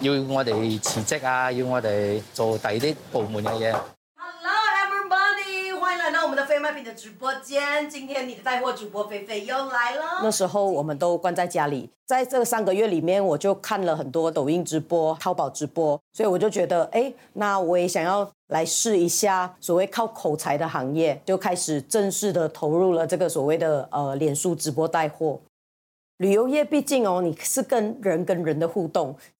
要我哋辭職啊！要我哋做第二啲部門嘅嘢。Hello everybody，歡迎來到我們的非賣品的直播間，今天你的帶貨主播菲菲又嚟了。那時候我們都關在家裏，在這三個月裏面，我就看了很多抖音直播、淘寶直播，所以我就覺得，哎、欸，那我也想要來試一下所謂靠口才的行業，就開始正式的投入了這個所謂的呃臉書直播帶貨。旅遊業畢竟哦，你是跟人跟人的互動。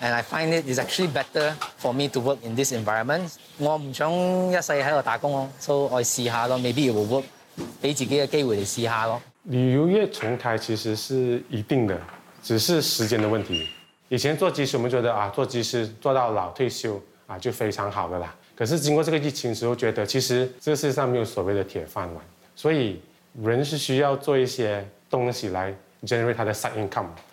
And I find it is actually better for me to work in this environment。我唔想一世喺度打工咯，所以我試下咯，Maybe it will work 俾自己嘅機會嚟試下咯。下咯旅遊業重開其實是一定的，只是時間嘅問題。以前做機師，我們覺得啊，做機師做到老退休啊就非常好了啦。可是經過這個疫情時候，覺得其實這個世界上沒有所謂的鐵飯碗，所以人是需要做一些東西來 generate 他的 side income。